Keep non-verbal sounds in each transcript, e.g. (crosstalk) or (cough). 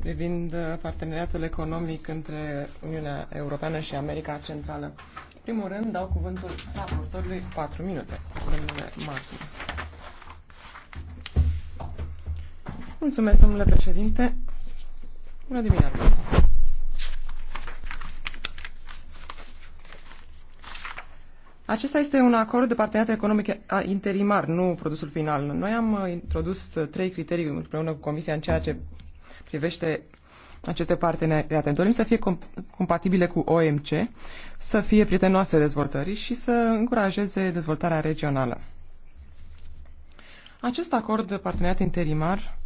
privind uh, parteneriatul economic între Uniunea Europeană și America Centrală. În primul rând, dau cuvântul raportorului 4 minute, domnule Martin. Mulțumesc, domnule președinte. Bună dimineața! Acesta este un acord de parteneriat economic interimar, nu produsul final. Noi am uh, introdus uh, trei criterii împreună cu Comisia în ceea ce privește aceste parteneriate. Dorim să fie compatibile cu OMC, să fie prietenoase dezvoltării și să încurajeze dezvoltarea regională. Acest acord de parteneriat interimar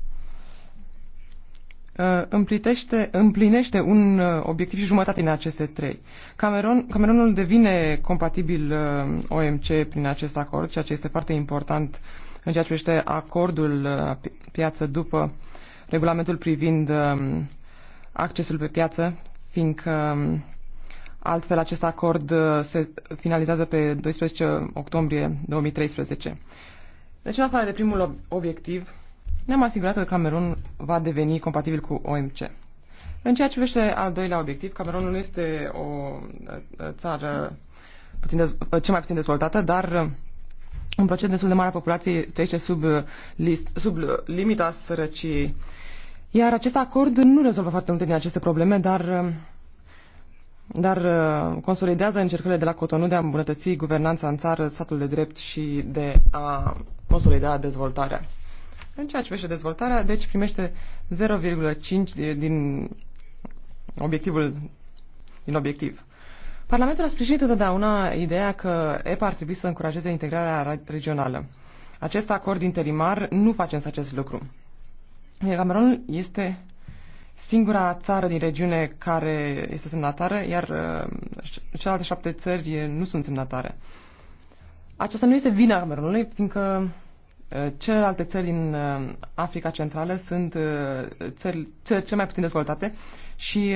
uh, împlinește un uh, obiectiv și jumătate din aceste trei. Cameron, Cameronul devine compatibil uh, OMC prin acest acord, ceea ce este foarte important în ceea ce privește acordul piață după uh, regulamentul privind um, accesul pe piață, fiindcă um, altfel acest acord uh, se finalizează pe 12 octombrie 2013. Deci, în afară de primul obiectiv, ne-am asigurat că Camerun va deveni compatibil cu OMC. În ceea ce privește al doilea obiectiv, Camerunul nu este o uh, țară puțin dez- uh, cea mai puțin dezvoltată, dar un procent destul de mare a populației trece sub, list, sub limita sărăciei. Iar acest acord nu rezolvă foarte multe din aceste probleme, dar, uh, dar uh, consolidează încercările de la Cotonou de a îmbunătăți guvernanța în țară, statul de drept și de a consolida dezvoltarea. În ceea ce privește dezvoltarea, deci primește 0,5 din obiectivul din obiectiv. Parlamentul a sprijinit întotdeauna ideea că EPA ar trebui să încurajeze integrarea regională. Acest acord interimar nu face însă acest lucru. Cameron este singura țară din regiune care este semnatară, iar uh, celelalte șapte țări nu sunt semnatare. Aceasta nu este vina Camerunului, fiindcă uh, celelalte țări din uh, Africa Centrală sunt țări, țări cel mai puțin dezvoltate și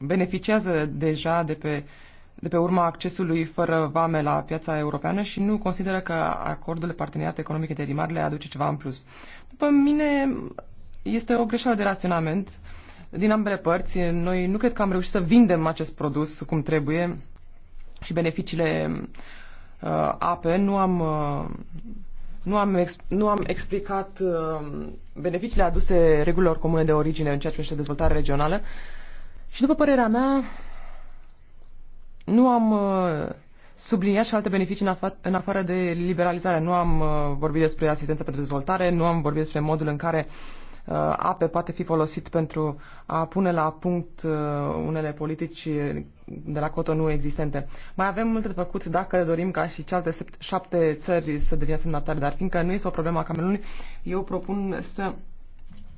beneficiază deja de pe uh, de pe urma accesului fără vame la piața europeană și nu consideră că acordul de parteneriat economic interimar le aduce ceva în plus. După mine, este o greșeală de raționament din ambele părți. Noi nu cred că am reușit să vindem acest produs cum trebuie și beneficiile uh, ape. Nu am, uh, nu, am ex, nu am explicat uh, beneficiile aduse regulilor comune de origine în ceea ce privește dezvoltarea regională. Și după părerea mea, nu am uh, subliniat și alte beneficii în, af- în afară de liberalizare. Nu am uh, vorbit despre asistență pentru dezvoltare, nu am vorbit despre modul în care uh, ape poate fi folosit pentru a pune la punct unele politici de la Cotonou existente. Mai avem multe de făcut dacă dorim ca și celelalte șapte țări să devină semnatare, dar fiindcă nu este o problemă a Camerunului, eu propun să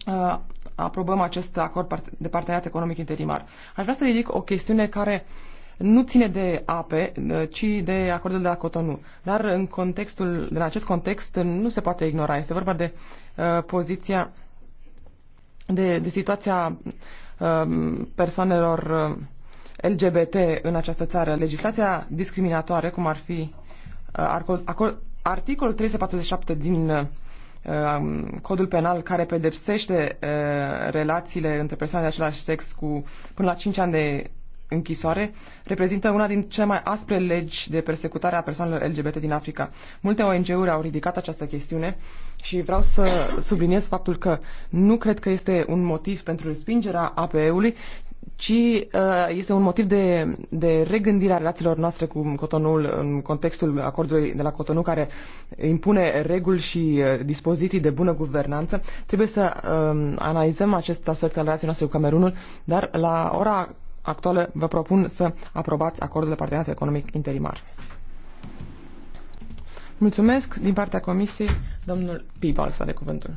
uh, aprobăm acest acord de parteneriat economic interimar. Aș vrea să ridic o chestiune care uh, nu ține de ape, ci de acordul de la Cotonou. Dar în, contextul, în acest context nu se poate ignora. Este vorba de uh, poziția, de, de situația uh, persoanelor uh, LGBT în această țară. Legislația discriminatoare, cum ar fi uh, acol, articolul 347 din uh, um, codul penal care pedepsește uh, relațiile între persoane de același sex cu până la 5 ani de închisoare reprezintă una din cele mai aspre legi de persecutare a persoanelor LGBT din Africa. Multe ONG-uri au ridicat această chestiune și vreau să subliniez faptul că nu cred că este un motiv pentru respingerea APE-ului, ci uh, este un motiv de, de regândire a relațiilor noastre cu Cotonul, în contextul acordului de la Cotonou care impune reguli și uh, dispoziții de bună guvernanță. Trebuie să uh, analizăm acest aspect al relației noastre cu Camerunul, dar la ora actuală, vă propun să aprobați acordul de parteneriat economic interimar. Mulțumesc. Din partea Comisiei, domnul Pibal să are cuvântul.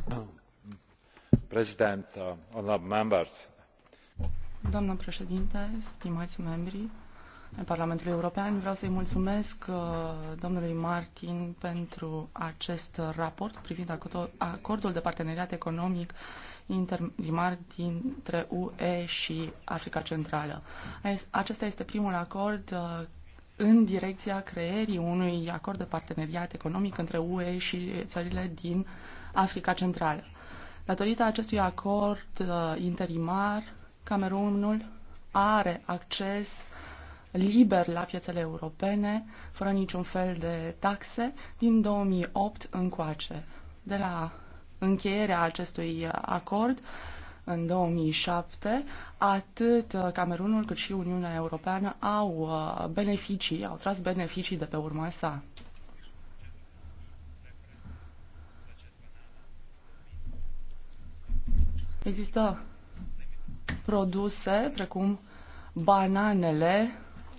President, uh, members. Doamnă președinte, stimați membri ai Parlamentului European, vreau să-i mulțumesc uh, domnului Martin pentru acest raport privind acordul de parteneriat economic uh, interimar dintre UE și Africa Centrală. Acesta este primul acord uh, în direcția creierii unui acord de parteneriat economic între UE și țările din Africa Centrală. Datorită acestui acord uh, interimar, Camerunul are acces liber la piețele europene, fără niciun fel de taxe, din 2008 încoace. De la încheierea acestui acord în 2007, atât uh, Camerunul cât și Uniunea Europeană au uh, beneficii, au tras beneficii de pe urma sa. Există produse precum bananele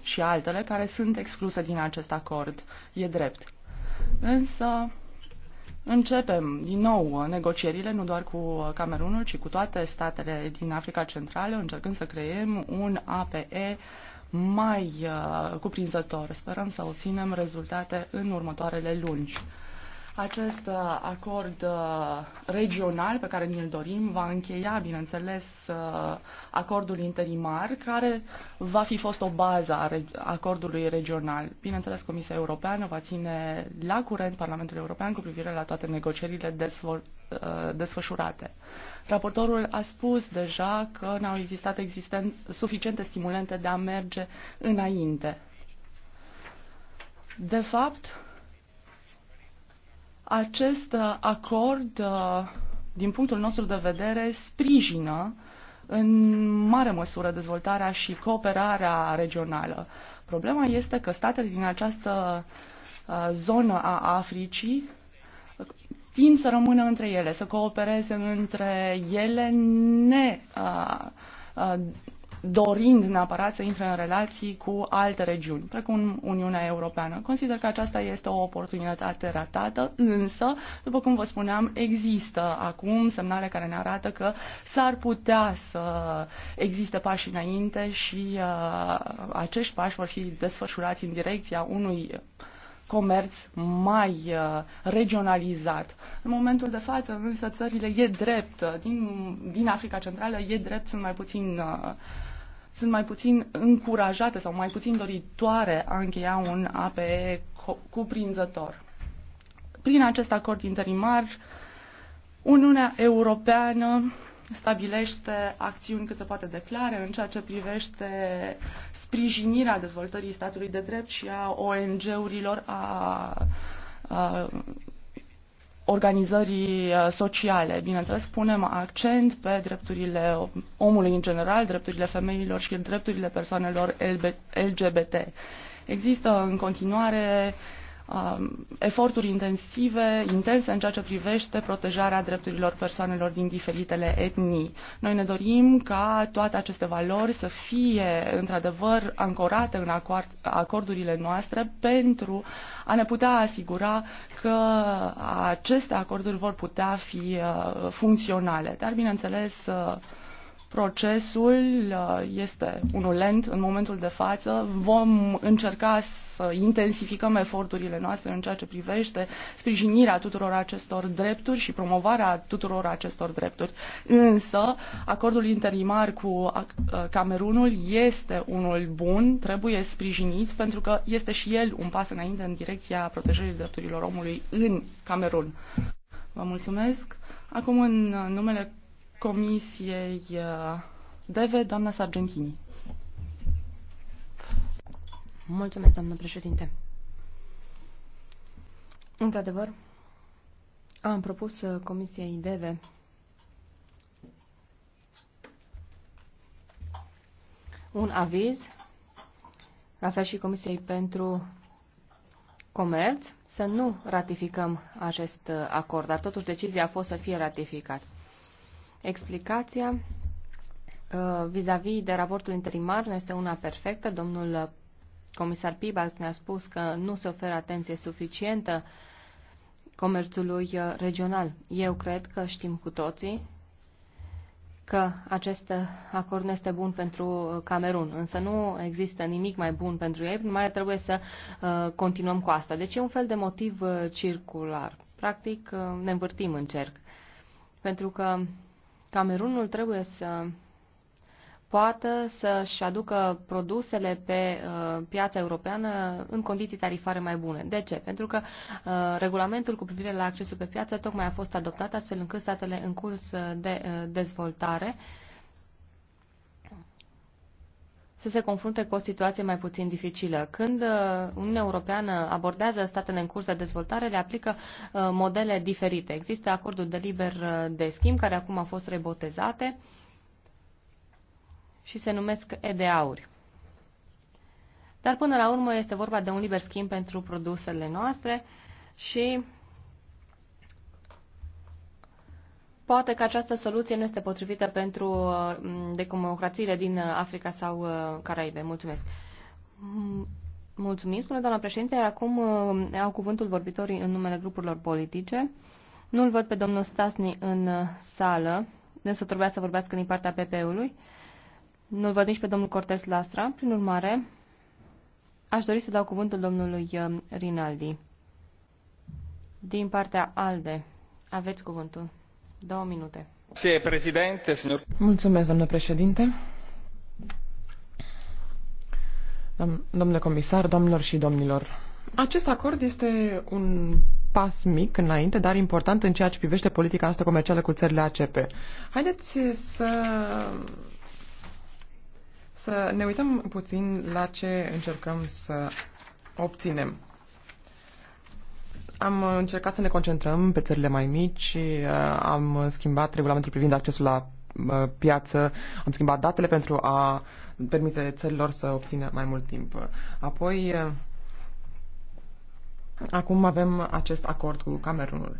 și altele care sunt excluse din acest acord. E drept. Însă, Începem din nou negocierile, nu doar cu Camerunul, ci cu toate statele din Africa Centrală, încercând să creem un APE mai uh, cuprinzător. Sperăm să obținem rezultate în următoarele luni. Acest uh, acord uh, regional pe care ni-l dorim va încheia, bineînțeles, uh, acordul interimar, care va fi fost o bază a acordului regional. Bineînțeles, Comisia Europeană va ține la curent Parlamentul European cu privire la toate negocierile desfășurate. Raportorul a spus deja că n-au existat existen- suficiente stimulente de a merge înainte. De fapt, acest uh, acord, uh, din punctul nostru de vedere, sprijină în mare măsură dezvoltarea și cooperarea regională. Problema este că statele din această uh, zonă a Africii tind să rămână între ele, să coopereze între ele, ne dorind neapărat să intre în relații cu alte regiuni, precum Uniunea Europeană. Consider că aceasta este o oportunitate ratată, însă, după cum vă spuneam, există acum semnale care ne arată că s-ar putea să existe pași înainte și uh, acești pași vor fi desfășurați în direcția unui comerț mai uh, regionalizat. În momentul de față, însă, țările e drept, din, din Africa Centrală e drept, sunt mai puțin uh, sunt mai puțin încurajate sau mai puțin doritoare a încheia un APE cuprinzător. Prin acest acord interimar, Uniunea Europeană stabilește acțiuni cât se poate declare în ceea ce privește sprijinirea dezvoltării statului de drept și a ONG-urilor, a, a organizării uh, sociale. Bineînțeles, punem accent pe drepturile omului în general, drepturile femeilor și drepturile persoanelor LGBT. Există în continuare uh, Um, eforturi intensive, intense în ceea ce privește protejarea drepturilor persoanelor din diferitele etnii. Noi ne dorim ca toate aceste valori să fie într-adevăr ancorate în acord, acordurile noastre pentru a ne putea asigura că aceste acorduri vor putea fi uh, funcționale. Dar, bineînțeles, uh, Procesul uh, este unul lent în momentul de față. Vom încerca să intensificăm eforturile noastre în ceea ce privește sprijinirea tuturor acestor drepturi și promovarea tuturor acestor drepturi. Însă, acordul interimar cu uh, Camerunul este unul bun, trebuie sprijinit pentru că este și el un pas înainte în direcția protejării drepturilor omului în Camerun. Vă mulțumesc. Acum, în uh, numele Comisiei uh, DEVE, doamna Sargentini. Mulțumesc, doamnă președinte. Într-adevăr, am propus uh, Comisiei DEVE un aviz, la fel și Comisiei pentru Comerț, să nu ratificăm acest uh, acord, dar totuși decizia a fost să fie ratificat. Explicația uh, vis-a-vis -vis de raportul interimar nu este una perfectă. Domnul comisar Pibas ne-a spus că nu se oferă atenție suficientă comerțului uh, regional. Eu cred că știm cu toții că acest acord nu este bun pentru uh, Camerun, însă nu există nimic mai bun pentru ei, numai mai trebuie să continuăm cu asta. Deci e un fel de motiv circular. Practic ne învârtim în cerc. Pentru că Camerunul trebuie să poată să-și aducă produsele pe uh, piața europeană în condiții tarifare mai bune. De ce? Pentru că uh, regulamentul cu privire la accesul pe piață tocmai a fost adoptat astfel încât statele în curs de uh, dezvoltare uh, să se confrunte cu o situație mai puțin dificilă. Când uh, Uniunea Europeană abordează statele în curs de dezvoltare, le aplică uh, modele diferite. Există acordul de liber uh, de schimb, care acum au fost rebotezate și se numesc EDA-uri. Dar până la urmă este vorba de un liber schimb pentru produsele noastre și Poate că această soluție nu este potrivită pentru uh, democrațiile din uh, Africa sau uh, Caraibe. Mulțumesc. Mulțumim, spune doamna președinte, iar acum au cuvântul vorbitorii în numele grupurilor politice. Nu-l văd pe domnul Stasni în sală, însă trebuia să vorbească din partea PP-ului. Nu-l văd nici pe domnul Cortes Lastra. Prin urmare, aș dori să dau cuvântul domnului Rinaldi. Din partea ALDE, aveți cuvântul domnule președinte. Domnule comisar, domnilor și domnilor, acest acord este un pas mic înainte, dar important în ceea ce privește politica noastră comercială cu țările ACP. Haideți să să ne uităm puțin la ce încercăm să obținem. Am încercat să ne concentrăm pe țările mai mici, uh, am schimbat regulamentul privind accesul la uh, piață, am schimbat datele pentru a permite țărilor să obțină mai mult timp. Apoi, uh, acum avem acest acord cu Camerunul.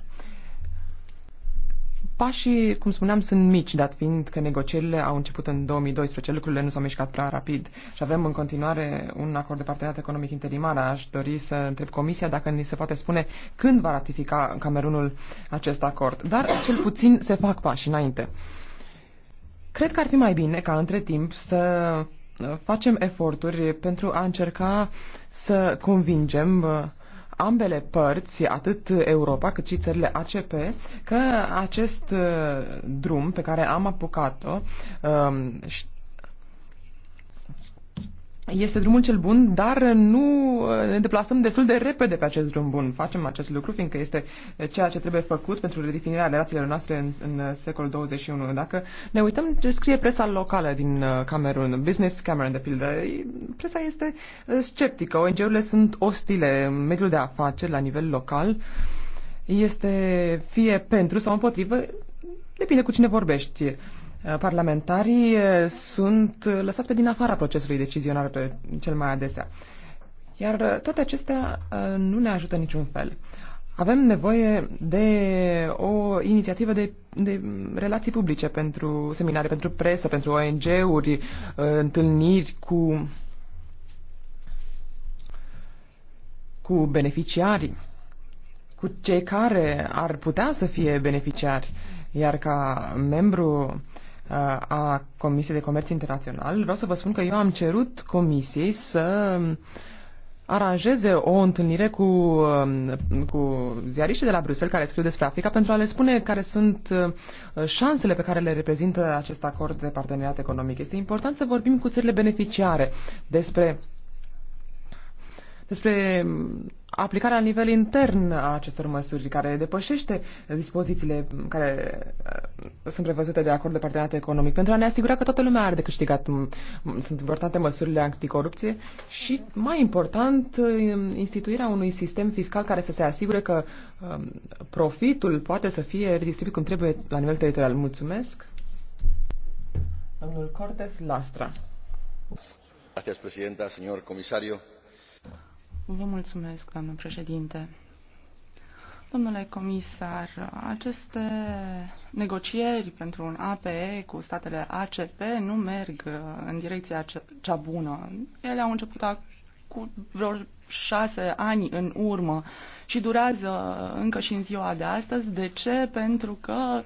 Pașii, cum spuneam, sunt mici, dat fiind că negocierile au început în 2012, lucrurile nu s-au mișcat prea rapid și avem în continuare un acord de parteneriat economic interimar. Aș dori să întreb Comisia dacă ni se poate spune când va ratifica Camerunul acest acord. Dar cel puțin se fac pași înainte. Cred că ar fi mai bine ca între timp să uh, facem eforturi pentru a încerca să convingem uh, ambele părți, atât Europa cât și țările ACP, că acest uh, drum pe care am apucat-o um, este drumul cel bun, dar nu ne deplasăm destul de repede pe acest drum bun. Facem acest lucru, fiindcă este ceea ce trebuie făcut pentru redefinirea relațiilor noastre în, în secolul 21. Dacă ne uităm ce scrie presa locală din uh, Camerun, Business Cameron, de pildă, presa este uh, sceptică, ONG-urile sunt ostile în mediul de afaceri la nivel local, este fie pentru sau împotrivă, depinde cu cine vorbești parlamentarii eh, sunt lăsați pe din afara procesului decizional pe cel mai adesea. Iar eh, toate acestea eh, nu ne ajută niciun fel. Avem nevoie de o inițiativă de, de relații publice pentru seminare, pentru presă, pentru ONG-uri, întâlniri cu, cu beneficiarii, cu cei care ar putea să fie beneficiari. Iar ca membru uh, a Comisiei de Comerț Internațional, vreau să vă spun că eu am cerut Comisiei să aranjeze o întâlnire cu, um, cu ziariștii de la Bruxelles care scriu despre Africa pentru a le spune care sunt uh, șansele pe care le reprezintă acest acord de parteneriat economic. Este important să vorbim cu țările beneficiare despre despre aplicarea la nivel intern a acestor măsuri care depășește dispozițiile care uh, sunt prevăzute de acord de parteneriat economic pentru a ne asigura că toată lumea are de câștigat. Sunt importante măsurile anticorupție și, mai important, uh, instituirea unui sistem fiscal care să se asigure că um, profitul poate să fie redistribuit cum trebuie la nivel teritorial. Mulțumesc. Domnul Cortes Lastra. Gracias, Presidenta, señor comisario. Vă mulțumesc, doamnă președinte. Domnule comisar, aceste negocieri pentru un APE cu statele ACP nu merg uh, în direcția cea bună. Ele au început cu vreo șase ani în urmă și durează încă și în ziua de astăzi. De ce? Pentru că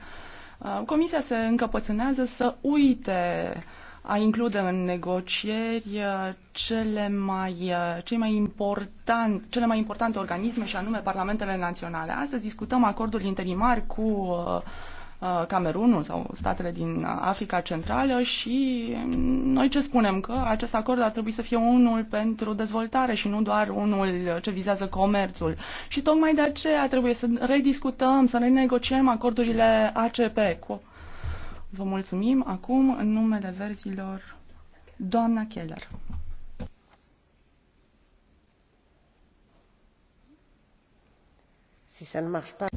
uh, Comisia se încăpățânează să uite uh, a include în negocieri uh, cele mai, uh, cele mai, important, cele mai importante organisme și anume parlamentele naționale. Astăzi discutăm acordul interimar cu uh, Camerunul sau statele din Africa Centrală și noi ce spunem? Că acest acord ar trebui să fie unul pentru dezvoltare și nu doar unul ce vizează comerțul. Și tocmai de aceea trebuie să rediscutăm, să renegociem acordurile ACP cu Vă mulțumim. Acum, în numele verzilor, doamna Keller. Si marche pas.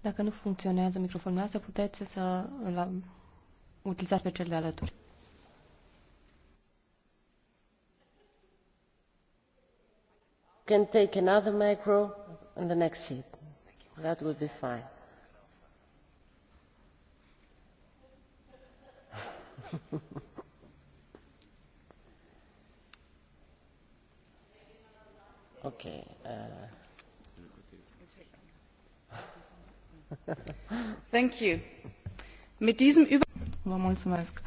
Dacă nu funcționează microfonul ăsta, puteți să îl utilizați pe cel de alături. can take another micro in the next seat. That would be fine. (laughs) ok. Eh. (laughs) Thank you. Mit diesem Über Vă mulțumesc.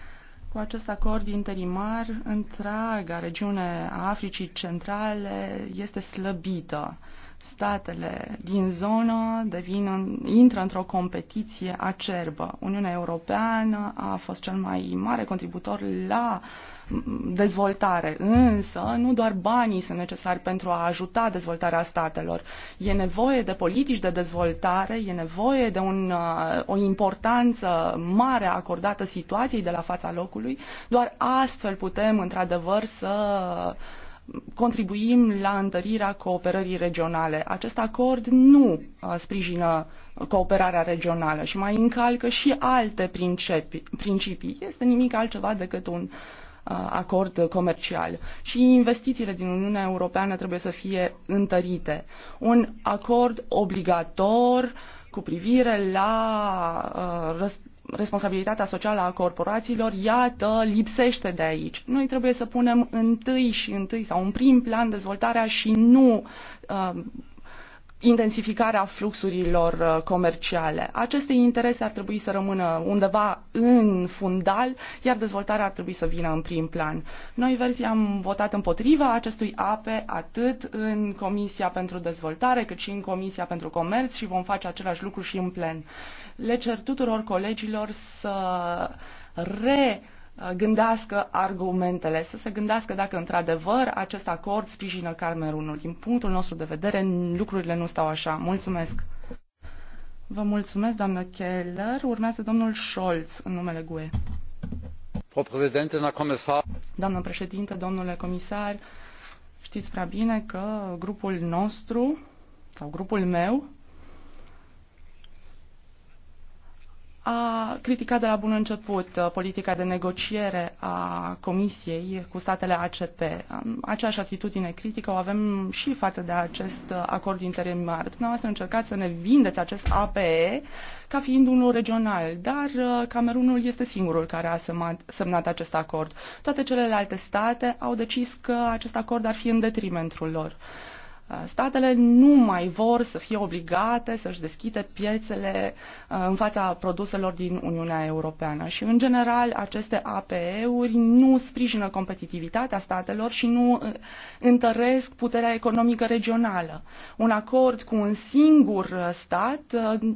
Cu acest acord interimar, întreaga regiune a Africii Centrale este slăbită. Uh, statele din zonă devin în, intră într-o competiție acerbă. Uniunea Europeană a fost cel mai mare contributor la dezvoltare, însă nu doar banii sunt necesari pentru a ajuta dezvoltarea statelor. E nevoie de politici de dezvoltare, e nevoie de un, uh, o importanță mare acordată situației de la fața locului. Doar astfel putem, într-adevăr, să uh, contribuim la întărirea cooperării regionale. Acest acord nu uh, sprijină cooperarea regională și mai încalcă și alte principii. Este nimic altceva decât un uh, acord comercial și investițiile din Uniunea Europeană trebuie să fie întărite. Un acord obligator cu privire la uh, responsabilitatea socială a corporațiilor, iată, lipsește de aici. Noi trebuie să punem întâi și întâi sau în prim plan dezvoltarea și nu uh, intensificarea fluxurilor uh, comerciale. Aceste interese ar trebui să rămână undeva în fundal, iar dezvoltarea ar trebui să vină în prim plan. Noi, verzi, am votat împotriva acestui APE atât în Comisia pentru Dezvoltare, cât și în Comisia pentru Comerț și vom face același lucru și în plen. Le cer tuturor colegilor să re Uh, gândească argumentele, să se gândească dacă într-adevăr acest acord sprijină Camerunul. Din punctul nostru de vedere, lucrurile nu stau așa. Mulțumesc! Vă mulțumesc, doamnă Keller. Urmează domnul Scholz în numele GUE. Doamnă președinte, domnule comisar, știți prea bine că grupul nostru sau grupul meu a criticat de la bun început uh, politica de negociere a Comisiei cu statele ACP. Aceeași atitudine critică o avem și față de acest uh, acord interimar. Dumneavoastră încercați să ne vindeți acest APE ca fiind unul regional, dar uh, Camerunul este singurul care a semnat acest acord. Toate celelalte state au decis că acest acord ar fi în detrimentul lor. Statele nu mai vor să fie obligate să-și deschide piețele uh, în fața produselor din Uniunea Europeană și, în general, aceste APE-uri nu sprijină competitivitatea statelor și nu uh, întăresc puterea economică regională. Un acord cu un singur uh, stat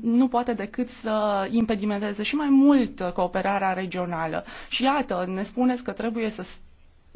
nu poate decât să impedimenteze și mai mult cooperarea regională. Și iată, ne spuneți că trebuie să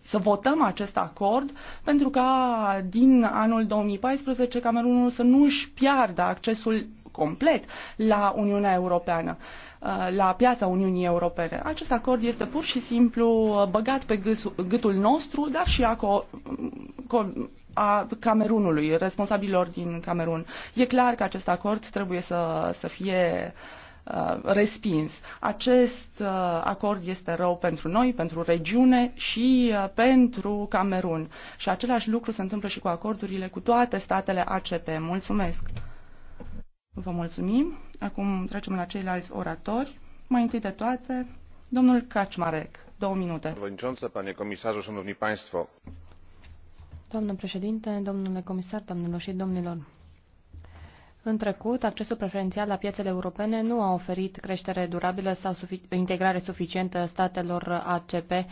să votăm acest acord pentru ca din anul 2014 Camerunul să nu își piardă accesul complet la Uniunea Europeană, uh, la piața Uniunii Europene. Acest acord este pur și simplu uh, băgat pe gâtul nostru, dar și a, co- mm, co- a Camerunului, responsabililor din Camerun. E clar că acest acord trebuie să, să fie uh, Uh, respins. Acest uh, acord este rău pentru noi, pentru regiune și uh, pentru Camerun. Și același lucru se întâmplă și cu acordurile cu toate statele ACP. Mulțumesc! Vă mulțumim. Acum trecem la ceilalți oratori. Mai întâi de toate, domnul Kaczmarek. Două minute. Doamnă președinte, domnule comisar, doamnelor și domnilor, în trecut, accesul preferențial la piețele europene nu a oferit creștere durabilă sau sufic integrare suficientă statelor ACP uh,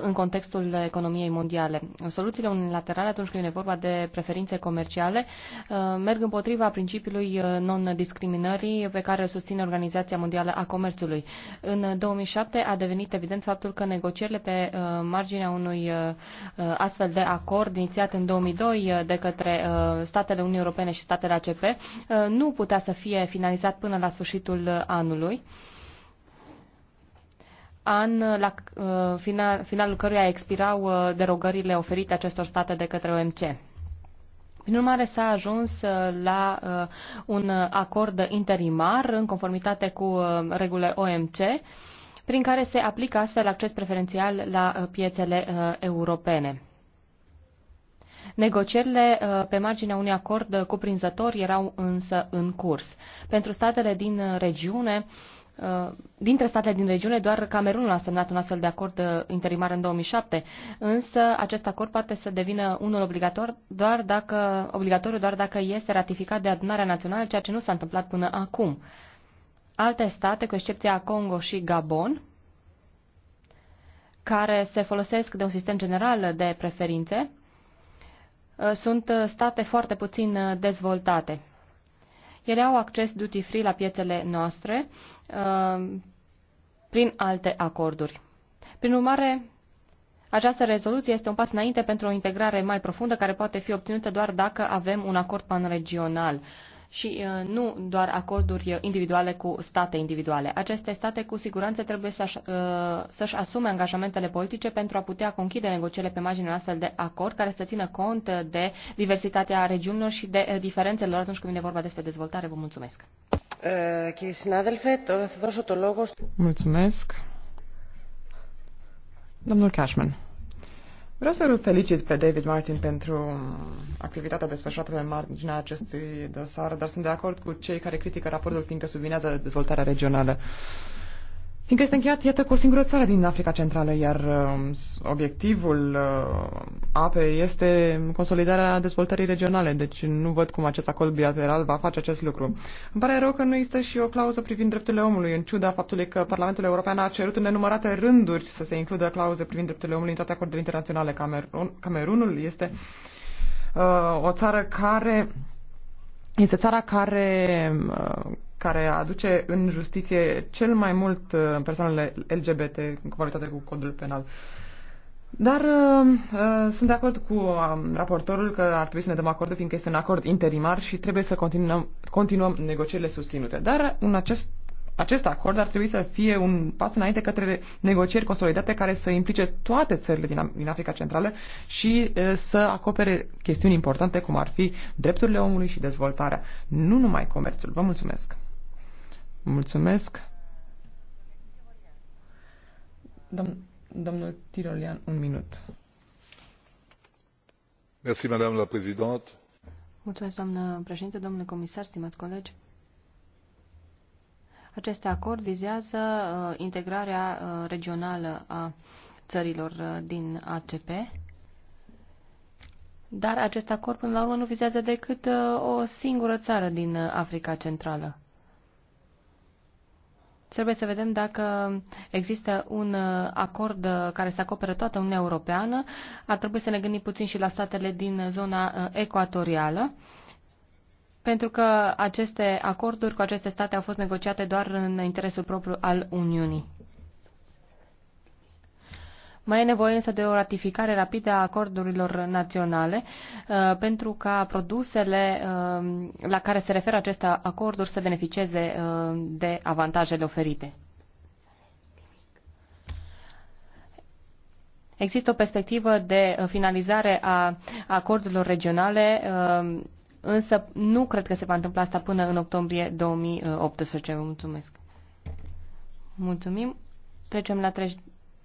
în contextul economiei mondiale. Soluțiile unilaterale, atunci când e vorba de preferințe comerciale, uh, merg împotriva principiului uh, non-discriminării pe care îl susține Organizația Mondială a Comerțului. În 2007 a devenit evident faptul că negocierile pe marginea unui astfel de acord inițiat în 2002 de către statele Uniunii Europene și statele ACP Uh, nu putea să fie finalizat până la sfârșitul anului an la uh, final, finalul căruia expirau uh, derogările oferite acestor state de către OMC. Prin urmare, s-a ajuns la un acord interimar în conformitate cu regulile OMC, prin care se aplică astfel acces preferențial la piețele europene. Negocierile uh, pe marginea unui acord cuprinzător erau însă în curs. Pentru statele din regiune, uh, dintre statele din regiune, doar Camerunul a semnat un astfel de acord uh, interimar în 2007, însă acest acord poate să devină unul obligator doar dacă, obligatoriu doar dacă este ratificat de adunarea națională, ceea ce nu s-a întâmplat până acum. Alte state, cu excepția Congo și Gabon, care se folosesc de un sistem general de preferințe, Uh, sunt uh, state foarte puțin uh, dezvoltate. Ele au acces duty-free la piețele noastre prin alte acorduri. Prin urmare, această rezoluție este un pas înainte pentru o integrare mai profundă care poate fi obținută doar dacă avem un acord panregional. regional și uh, nu doar acorduri uh, individuale cu state individuale. Aceste state cu siguranță trebuie uh, să-și asume angajamentele politice pentru a putea conchide negocierile pe marginea unui astfel de acord care să țină cont de diversitatea regiunilor și de diferențelor atunci când vine vorba despre dezvoltare. Vă mulțumesc! Mulțumesc! Domnul Cashman. Vreau să-l felicit pe David Martin pentru activitatea desfășurată pe marginea acestui dosar, dar sunt de acord cu cei care critică raportul, fiindcă subminează dezvoltarea regională. Uh, Fiindcă este încheiat, iată, cu o singură țară din Africa Centrală, iar uh, obiectivul uh, apei este consolidarea dezvoltării regionale, deci nu văd cum acest acord bilateral va face acest lucru. Îmi pare rău că nu există și o clauză privind drepturile omului, în ciuda faptului că Parlamentul European a cerut în nenumărate rânduri să se includă clauze privind drepturile omului în toate acordurile internaționale. Camerun, Camerunul este uh, o țară care este țara care uh, care aduce în justiție cel mai mult uh, persoanele LGBT în conformitate cu codul penal. Dar uh, uh sunt de acord cu um, raportorul că ar trebui să ne dăm acordul, fiindcă este un acord interimar și trebuie să continuăm, continuăm negocierile susținute. Dar în uh, acest acest acord ar trebui să fie un pas înainte către negocieri consolidate care să implice toate țările din, din Africa Centrală și să acopere chestiuni importante cum ar fi drepturile omului și dezvoltarea, nu numai comerțul. Vă mulțumesc! Mulțumesc. Dom domnul Tirolian, un minut. Merci, madame la présidente. Mulțumesc, doamnă președinte, domnule comisar, stimați colegi. Acest acord vizează uh, integrarea uh, regională a țărilor uh, din ACP, dar acest acord până la urmă nu vizează decât uh, o singură țară din uh, Africa Centrală. Trebuie să vedem dacă există un uh, acord uh, care să acopere toată Uniunea Europeană. Ar trebui să ne gândim puțin și la statele din zona uh, ecuatorială pentru că aceste acorduri cu aceste state au fost negociate doar în interesul propriu al Uniunii. Mai e nevoie însă de o ratificare rapidă a acordurilor naționale uh, pentru ca produsele uh, la care se referă aceste acorduri să beneficieze uh, de avantajele oferite. Există o perspectivă de finalizare a acordurilor regionale, însă nu cred că se va întâmpla asta până în octombrie 2018. Vă mulțumesc. Mulțumim. Trecem la 30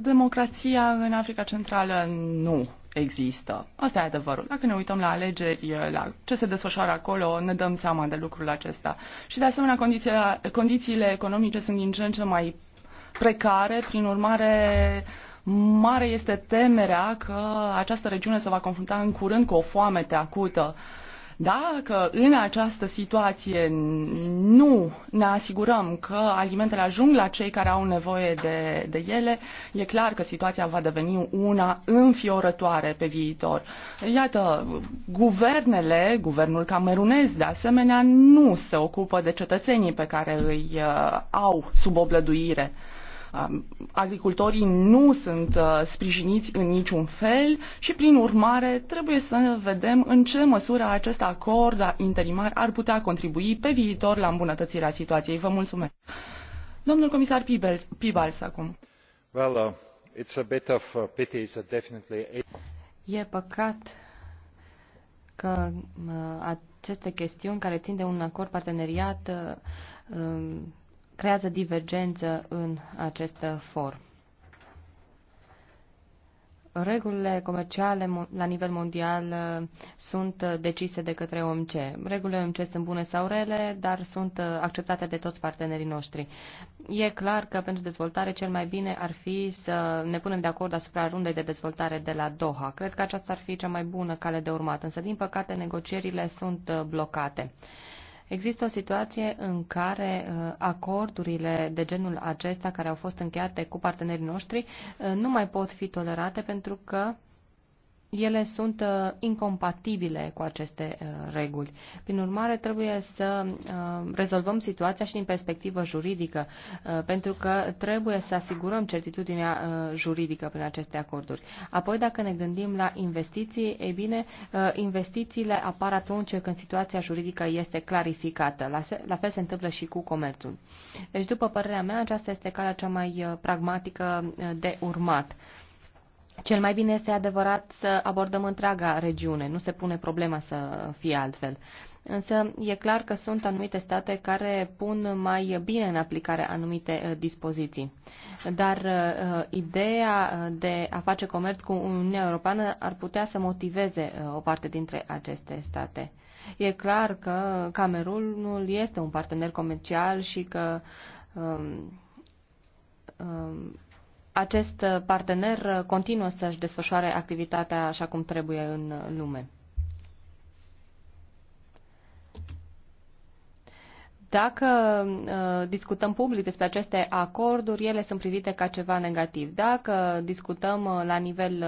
Democrația în Africa Centrală nu există. Asta e adevărul. Dacă ne uităm la alegeri, la ce se desfășoară acolo, ne dăm seama de lucrul acesta. Și de asemenea, condițiile, condițiile economice sunt din ce în ce mai precare, prin urmare mare este temerea că această regiune se va confrunta în curând cu o foamete acută. Uh, dacă în această situație nu ne asigurăm că alimentele ajung la cei care au nevoie de, de ele, e clar că situația va deveni una înfiorătoare pe viitor. Iată, guvernele, guvernul camerunez de asemenea, nu se ocupă de cetățenii pe care îi uh, au sub oblăduire. Uh, Um, agricultorii nu sunt uh, sprijiniți în niciun fel și, prin urmare, trebuie să vedem în ce măsură acest acord interimar ar putea contribui pe viitor la îmbunătățirea situației. Vă mulțumesc. Domnul comisar Pibals acum. Well, uh, it's a bit of uh, pity, it's a definitely... E păcat că uh, aceste chestiuni care țin de un acord parteneriat uh, um, creează divergență în acest for. Regulile comerciale la nivel mondial uh, sunt uh, decise de către OMC. Regulile OMC sunt bune sau rele, dar sunt uh, acceptate de toți partenerii noștri. E clar că pentru dezvoltare cel mai bine ar fi să ne punem de acord asupra rundei de dezvoltare de la Doha. Cred că aceasta ar fi cea mai bună cale de urmat, însă din păcate negocierile sunt blocate. Există o situație în care uh, acordurile de genul acesta care au fost încheiate cu partenerii noștri uh, nu mai pot fi tolerate pentru că ele sunt uh, incompatibile cu aceste uh, reguli. Prin urmare, trebuie să uh, rezolvăm situația și din perspectivă juridică, uh, pentru că trebuie să asigurăm certitudinea uh, juridică prin aceste acorduri. Apoi, dacă ne gândim la investiții, e bine, uh, investițiile apar atunci când situația juridică este clarificată. La, se, la fel se întâmplă și cu comerțul. Deci, după părerea mea, aceasta este calea cea mai uh, pragmatică uh, de urmat. Uh, cel mai bine este adevărat să abordăm întreaga regiune, nu se pune problema să fie altfel. Însă e clar că sunt anumite state care pun mai bine în aplicare anumite uh, dispoziții. Dar uh, ideea uh, de a face comerț cu Uniunea Europeană ar putea să motiveze o parte dintre aceste state. E clar că Camerunul este un partener comercial și că um, um, acest partener continuă să-și desfășoare activitatea așa cum trebuie în lume. Dacă uh, discutăm public despre aceste acorduri, ele sunt privite ca ceva negativ. Dacă discutăm uh, la nivel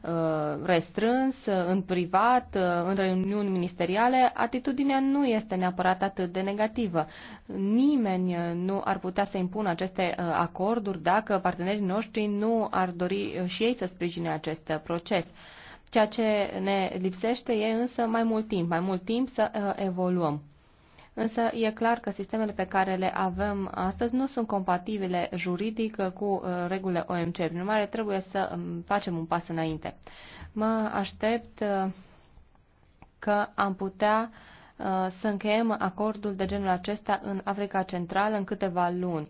uh, uh restrâns, uh, în privat, uh, în reuniuni ministeriale, atitudinea nu este neapărat atât de negativă. Nimeni uh, nu ar putea să impună aceste uh, acorduri dacă partenerii noștri nu ar dori uh, și ei să sprijine acest proces. Ceea ce ne lipsește e însă mai mult timp, mai mult timp să evoluăm. Însă e clar că sistemele pe care le avem astăzi nu sunt compatibile juridic cu uh, regulile OMC. Prin urmare, trebuie să um, facem un pas înainte. Mă aștept uh, că am putea uh, să încheiem acordul de genul acesta în Africa Centrală în câteva luni.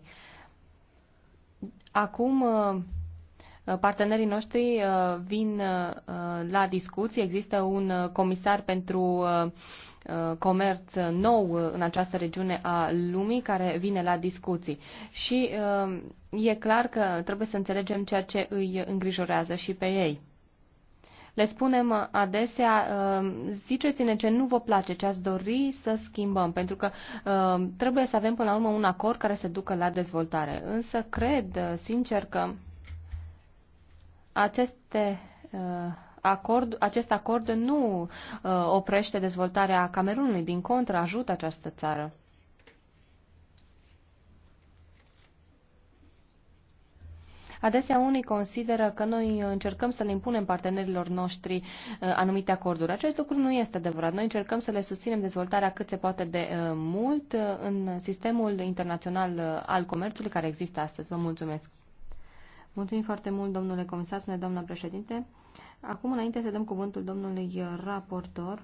Acum Partenerii noștri uh, vin uh, la discuții, există un uh, comisar pentru comerț nou în această regiune a lumii care vine la discuții. Și e clar că trebuie să înțelegem ceea ce îi îngrijorează și pe ei. Le spunem adesea, ziceți-ne ce nu vă place, ce ați dori să schimbăm, pentru că trebuie să avem până la urmă un acord care să ducă la dezvoltare. Însă cred, sincer, că aceste uh, acord, acest acord nu uh, oprește dezvoltarea Camerunului, din contră ajută această țară. Adesea unii consideră că noi încercăm să le impunem partenerilor noștri uh, anumite acorduri. Acest lucru nu este adevărat. Noi încercăm să le susținem dezvoltarea cât se poate de mult în sistemul internațional al comerțului care există astăzi. Vă mulțumesc! Mulțumim foarte mult, domnule comisar, spune doamna președinte. Acum, înainte să dăm cuvântul domnului raportor,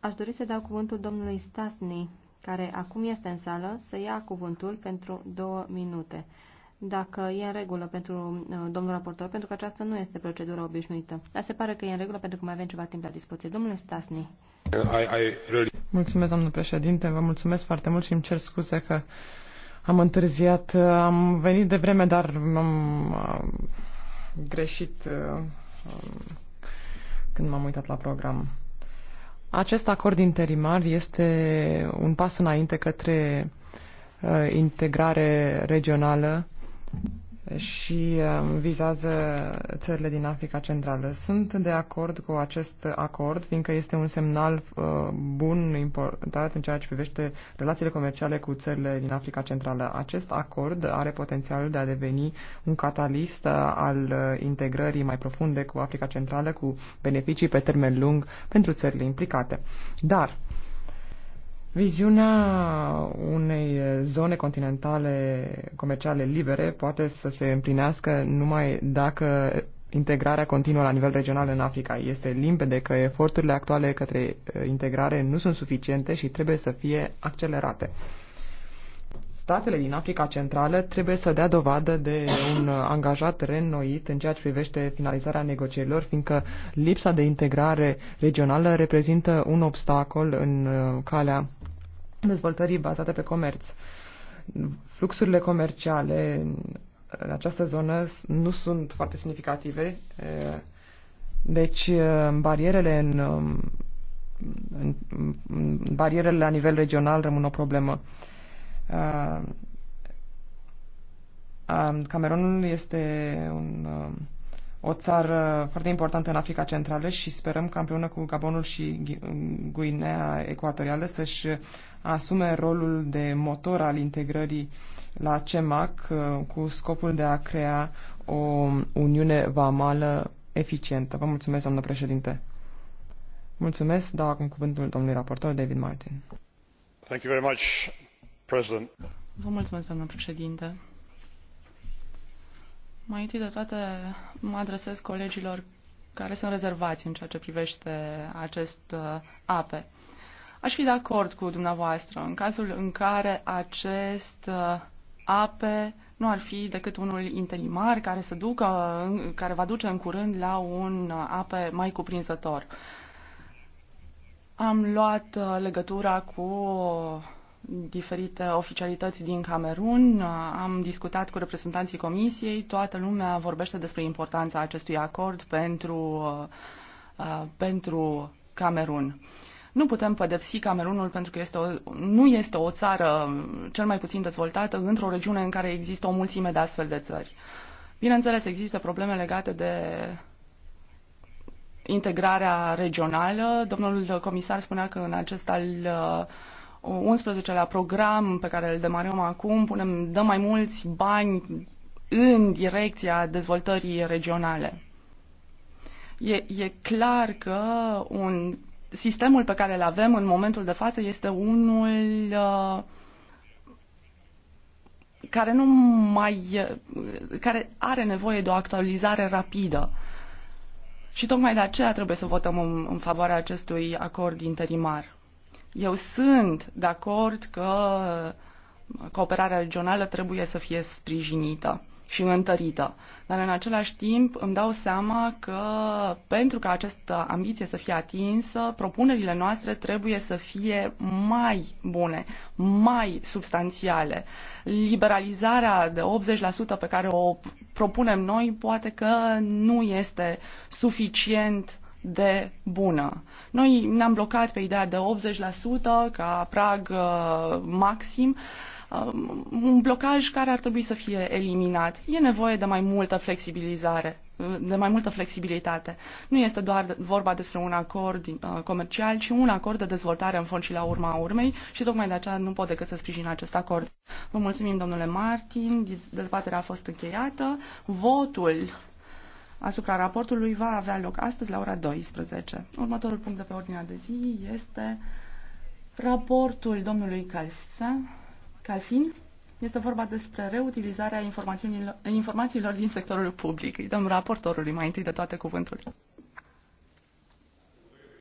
aș dori să dau cuvântul domnului Stasni, care acum este în sală, să ia cuvântul pentru două minute. Dacă e în regulă pentru uh, domnul raportor, pentru că aceasta nu este procedura obișnuită. Dar se pare că e în regulă pentru că mai avem ceva timp la dispoziție. Domnule Stasni. I, I really... Mulțumesc, domnul președinte. Vă mulțumesc foarte mult și îmi cer scuze că am întârziat, am venit de vreme, dar am, am uh, greșit uh, um, când m-am uitat la program. Acest acord interimar este un pas înainte către uh, integrare regională și um, vizează țările din Africa Centrală. Sunt de acord cu acest acord, fiindcă este un semnal uh, bun, important în ceea ce privește relațiile comerciale cu țările din Africa Centrală. Acest acord are potențialul de a deveni un catalist al integrării mai profunde cu Africa Centrală, cu beneficii pe termen lung pentru țările implicate. Dar, Viziunea unei zone continentale comerciale libere poate să se împlinească numai dacă integrarea continuă la nivel regional în Africa. Este limpede că eforturile actuale către uh, integrare nu sunt suficiente și trebuie să fie accelerate. Statele din Africa Centrală trebuie să dea dovadă de un angajat reînnoit în ceea ce privește finalizarea negocierilor, fiindcă lipsa de integrare regională reprezintă un obstacol în uh, calea dezvoltării bazate pe comerț. Fluxurile comerciale în această zonă nu sunt foarte semnificative, deci barierele în, în, barierele la nivel regional rămân o problemă. Cameronul este un o țară foarte importantă în Africa Centrală și sperăm că împreună cu Gabonul și Guinea Ecuatorială să-și asume rolul de motor al integrării la CEMAC uh, cu scopul de a crea o uniune vamală eficientă. Vă mulțumesc, domnule președinte. Mulțumesc. Dau acum cuvântul domnului raportor David Martin. Thank you very much, President. Vă mulțumesc, domnule președinte. Mai întâi de toate mă adresez colegilor care sunt rezervați în ceea ce privește acest uh, ape. Aș fi de acord cu dumneavoastră în cazul în care acest uh, ape nu ar fi decât unul interimar care se ducă, care va duce în curând la un uh, ape mai cuprinzător. Am luat legătura cu diferite oficialități din Camerun, am discutat cu reprezentanții comisiei, toată lumea vorbește despre importanța acestui acord pentru, uh, uh, pentru Camerun. Nu putem pedepsi Camerunul pentru că este o, nu este o țară cel mai puțin dezvoltată într-o regiune în care există o mulțime de astfel de țări. Bineînțeles, există probleme legate de integrarea regională. Domnul comisar spunea că în acest al uh, 11-lea program pe care îl demarăm acum, punem, dăm mai mulți bani în direcția dezvoltării regionale. E, e clar că un, sistemul pe care îl avem în momentul de față este unul uh, care nu mai care are nevoie de o actualizare rapidă. Și tocmai de aceea trebuie să votăm în, în favoarea acestui acord interimar. Eu sunt de acord că cooperarea regională trebuie să fie sprijinită și întărită. Dar în același timp îmi dau seama că pentru ca această ambiție să fie atinsă, propunerile noastre trebuie să fie mai bune, mai substanțiale. Liberalizarea de 80% pe care o propunem noi poate că nu este suficient de bună. Noi ne-am blocat pe ideea de 80% ca prag uh, maxim, uh, un blocaj care ar trebui să fie eliminat. E nevoie de mai multă flexibilizare uh, de mai multă flexibilitate. Nu este doar vorba despre un acord uh, comercial, ci un acord de dezvoltare în fond și la urma urmei și tocmai de aceea nu pot decât să sprijin acest acord. Vă mulțumim, domnule Martin, dezbaterea a fost încheiată. Votul asupra raportului va avea loc astăzi la ora 12. Următorul punct de pe ordinea de zi este raportul domnului Calfin. Calfin. Este vorba despre reutilizarea informațiilor din sectorul public. Îi dăm raportorului mai întâi de toate cuvântul.